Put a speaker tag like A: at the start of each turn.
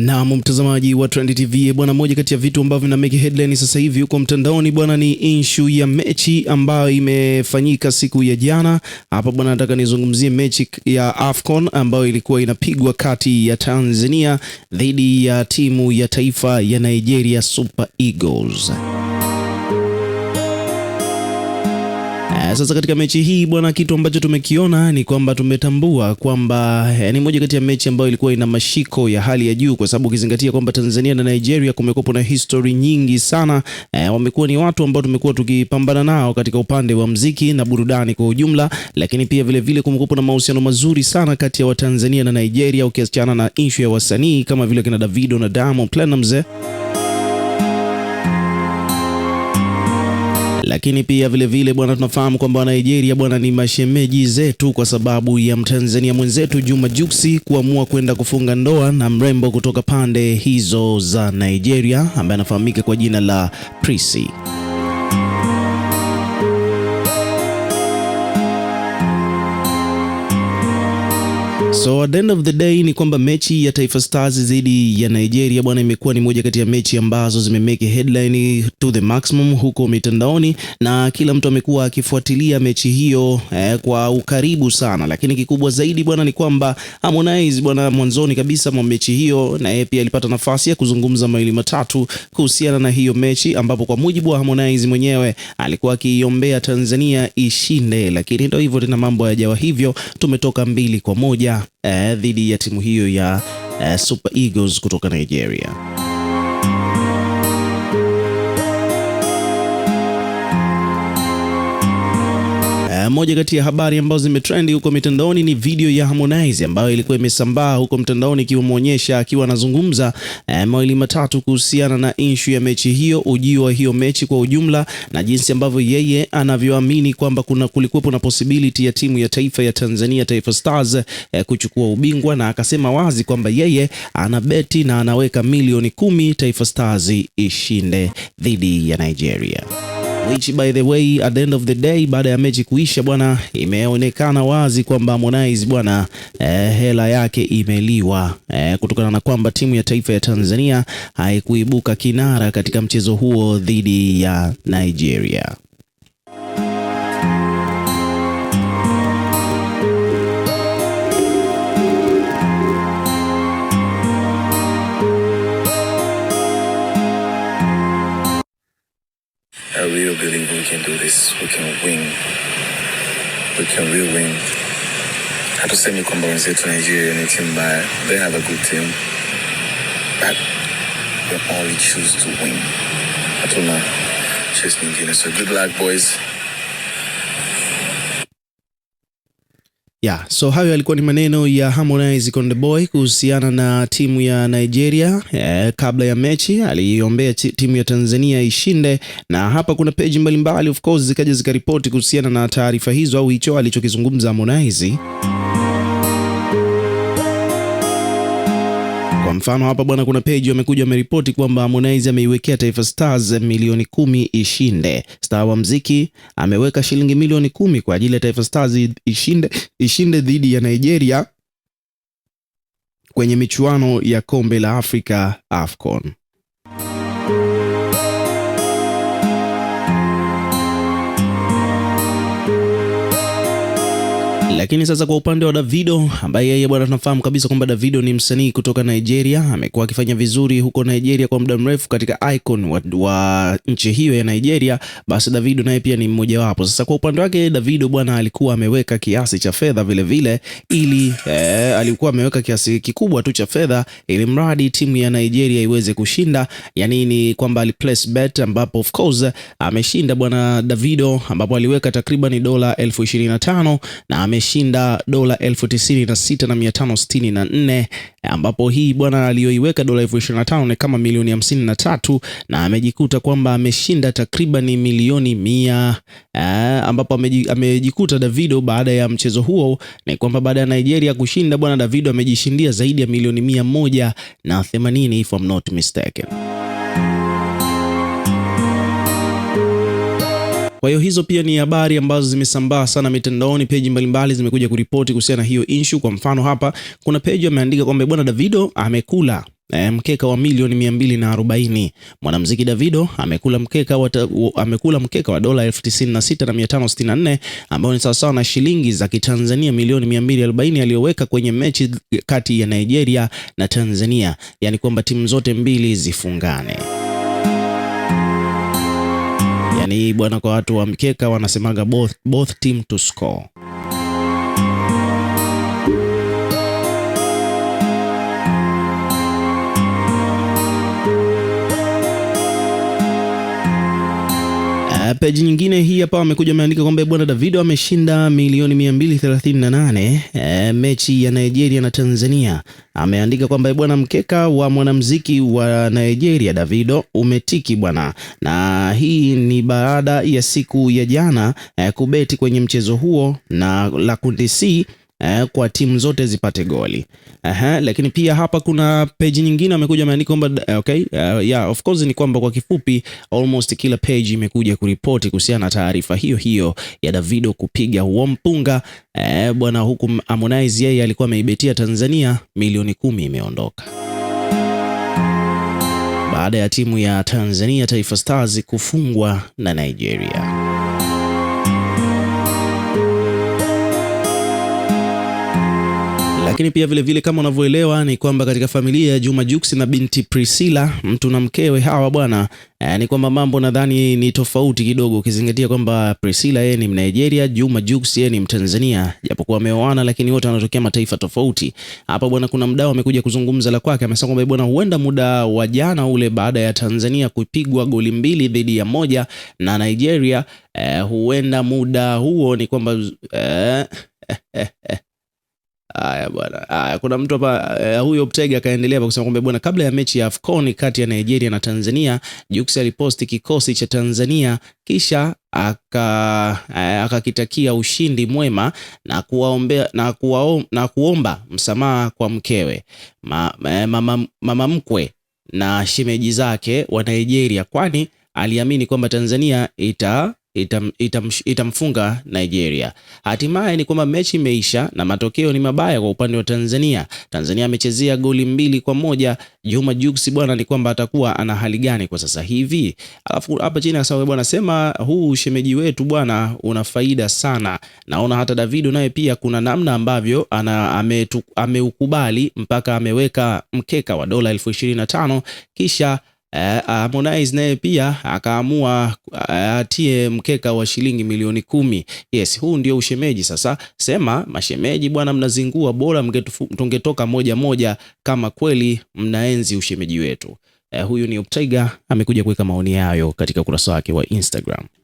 A: Naam, mtazamaji wa Trend TV bwana, moja kati ya vitu ambavyo vina make headline sasa hivi huko mtandaoni bwana ni issue ya mechi ambayo imefanyika siku ya jana hapa bwana. Nataka nizungumzie mechi ya Afcon ambayo ilikuwa inapigwa kati ya Tanzania dhidi ya timu ya taifa ya Nigeria Super Eagles. sasa katika mechi hii bwana, kitu ambacho tumekiona ni kwamba tumetambua kwamba eh, ni moja kati ya mechi ambayo ilikuwa ina mashiko ya hali ya juu, kwa sababu ukizingatia kwamba Tanzania na Nigeria kumekuwa na history nyingi sana e, wamekuwa ni watu ambao tumekuwa tukipambana nao katika upande wa mziki na burudani kwa ujumla, lakini pia vile vile kumekuwa na mahusiano mazuri sana kati ya Watanzania na Nigeria, ukiachana na issue ya wasanii kama vile kina Davido na Diamond Platnumz. Eh. lakini pia vilevile bwana, tunafahamu kwamba Nigeria bwana ni mashemeji zetu, kwa sababu ya Mtanzania mwenzetu Juma Juksi kuamua kwenda kufunga ndoa na mrembo kutoka pande hizo za Nigeria ambaye anafahamika kwa jina la Prissy. So at the end of the day ni kwamba mechi ya Taifa Stars dhidi ya Nigeria bwana, imekuwa ni moja kati ya mechi ambazo zimemeke headline to the maximum huko mitandaoni, na kila mtu amekuwa akifuatilia mechi hiyo eh, kwa ukaribu sana, lakini kikubwa zaidi bwana ni kwamba Harmonize bwana, mwanzoni kabisa mwa mechi hiyo na yeye pia alipata nafasi ya kuzungumza mawili matatu kuhusiana na hiyo mechi, ambapo kwa mujibu wa Harmonize mwenyewe alikuwa akiiombea Tanzania ishinde, lakini ndio hivyo tena, mambo yajawa hivyo, tumetoka mbili kwa moja Eh, dhidi eh, ya timu hiyo ya eh, Super Eagles kutoka Nigeria. moja kati ya habari ambazo zimetrendi huko mitandaoni ni video ya Harmonize ambayo ilikuwa imesambaa huko mtandaoni ikimuonyesha akiwa anazungumza eh, mawili matatu kuhusiana na issue ya mechi hiyo, ujio wa hiyo mechi kwa ujumla na jinsi ambavyo yeye anavyoamini kwamba kuna kulikuwepo na possibility ya timu ya taifa ya Tanzania Taifa Stars eh, kuchukua ubingwa, na akasema wazi kwamba yeye anabeti na anaweka milioni kumi Taifa Stars ishinde dhidi ya Nigeria which by the way at the end of the day, baada ya mechi kuisha bwana, imeonekana wazi kwamba Harmonize bwana eh, hela yake imeliwa eh, kutokana na kwamba timu ya taifa ya Tanzania haikuibuka kinara katika mchezo huo dhidi ya Nigeria.
B: really believe we can do this, we can win, we can really win. Hatusemi kwamba wenzetu Nigeria ni timu mbaya, they have a good team, but we only choose to win. Hatuna choice nyingine, so good luck boys.
A: Ya, so hayo yalikuwa ni maneno ya Harmonize Konde Boy kuhusiana na timu ya Nigeria. Eh, kabla ya mechi aliiombea timu ya Tanzania ishinde, na hapa kuna peji mbalimbali of course zikaja zikaripoti kuhusiana na taarifa hizo au hicho alichokizungumza Harmonize. Kwa mfano hapa bwana, kuna page wamekuja wameripoti kwamba Harmonize ameiwekea Taifa Stars milioni kumi ishinde. Star wa mziki ameweka shilingi milioni kumi kwa ajili ya Taifa Stars ishinde ishinde dhidi ya Nigeria kwenye michuano ya kombe la Afrika AFCON. Lakini sasa kwa upande wa Davido ambaye yeye bwana, tunafahamu kabisa kwamba Davido ni msanii kutoka Nigeria, amekuwa akifanya vizuri huko Nigeria kwa muda mrefu katika icon wa, wa nchi hiyo ya Nigeria. Basi Davido naye pia ni mmoja wapo. Sasa kwa upande wake Davido bwana, alikuwa ameweka kiasi cha fedha vile vile ili eh, alikuwa ameweka kiasi kikubwa tu cha fedha ili mradi timu ya Nigeria iweze kushinda. Yani ni kwamba aliplace bet, ambapo of course ameshinda bwana Davido, ambapo aliweka takriban dola elfu ishirini na tano na ame ameshinda dola elfu tisini na sita na mia tano sitini na nne ambapo hii bwana aliyoiweka dola elfu ishirini na tano ni kama milioni hamsini na tatu na amejikuta kwamba ameshinda takriban milioni mia eh, ambapo amejikuta Davido baada ya mchezo huo ni kwamba baada ya Nigeria kushinda bwana Davido amejishindia zaidi ya milioni mia moja na themanini if I'm not mistaken. Kwa hiyo hizo pia ni habari ambazo zimesambaa sana mitandaoni, peji mbalimbali zimekuja kuripoti kuhusiana na hiyo issue. Kwa mfano hapa kuna peji ameandika kwamba bwana Davido amekula eh, mkeka wa milioni mia mbili na arobaini. Mwanamuziki Davido amekula mkeka wa, amekula mkeka wa dola elfu tisini na sita na mia tano sitini na nne ambao ni sawasawa na shilingi za Kitanzania milioni mia mbili arobaini aliyoweka kwenye mechi kati ya Nigeria na Tanzania, yaani kwamba timu zote mbili zifungane yani bwana, kwa watu wa mkeka wanasemaga both, both team to score peji nyingine hii hapa wamekuja wameandika kwamba bwana Davido ameshinda milioni 238, e, eh, mechi ya Nigeria na Tanzania. Ameandika kwamba eh, bwana mkeka wa mwanamuziki wa Nigeria Davido umetiki bwana, na hii ni baada ya siku ya jana e, kubeti kwenye mchezo huo na la kundi C eh, kwa timu zote zipate goli. Aha, lakini pia hapa kuna page nyingine amekuja ameandika kwamba eh, okay, uh, yeah, of course ni kwamba kwa kifupi almost kila page imekuja kuripoti kuhusiana na taarifa hiyo hiyo ya Davido kupiga huo mpunga eh, bwana, huku Harmonize yeye alikuwa ameibetia Tanzania milioni kumi imeondoka baada ya timu ya Tanzania Taifa Stars kufungwa na Nigeria. Lakini pia vile vile kama unavyoelewa ni kwamba katika familia ya Juma Jux na binti Priscilla, mtu na mkewe hawa bwana eh, ni kwamba mambo nadhani ni tofauti kidogo, ukizingatia kwamba Priscilla yeye ni Mnigeria, Juma Jux yeye ni Mtanzania, japokuwa wameoana, lakini wote wanatokea mataifa tofauti. Hapa bwana, kuna mdau amekuja kuzungumza la kwake, amesema kwamba eh, bwana, huenda muda wa jana ule baada ya Tanzania kupigwa goli mbili dhidi ya moja na Nigeria, eh, huenda muda huo ni kwamba eh, eh, eh, eh aya bwana, kuna mtu hapa uh, huyo Optega akaendelea kusema kwamba bwana, kabla ya mechi ya AFCON kati ya Nigeria na Tanzania, Jux aliposti kikosi cha Tanzania kisha eh, akakitakia ushindi mwema na, kuwaombea na, kuwaom, na kuomba msamaha kwa mkewe ma, ma, eh, mama, mama mkwe na shemeji zake wa Nigeria, kwani aliamini kwamba Tanzania ita itam, itam, itamfunga Nigeria. Hatimaye ni kwamba mechi imeisha na matokeo ni mabaya kwa upande wa Tanzania. Tanzania amechezea goli mbili kwa moja. Juma Jux bwana, ni kwamba atakuwa ana hali gani kwa sasa hivi? Alafu hapa chini asawa bwana, sema huu shemeji wetu bwana una faida sana. Naona hata Davido naye pia kuna namna ambavyo ana ameukubali ame mpaka ameweka mkeka wa dola elfu ishirini na tano kisha eh, ah, Harmonize naye pia akaamua eh, atie mkeka wa shilingi milioni kumi. Yes, huu ndio ushemeji sasa. Sema mashemeji bwana, mnazingua, bora tungetoka moja moja kama kweli mnaenzi ushemeji wetu. Eh, huyu ni Optiger amekuja kuweka maoni yayo katika ukurasa wake wa Instagram.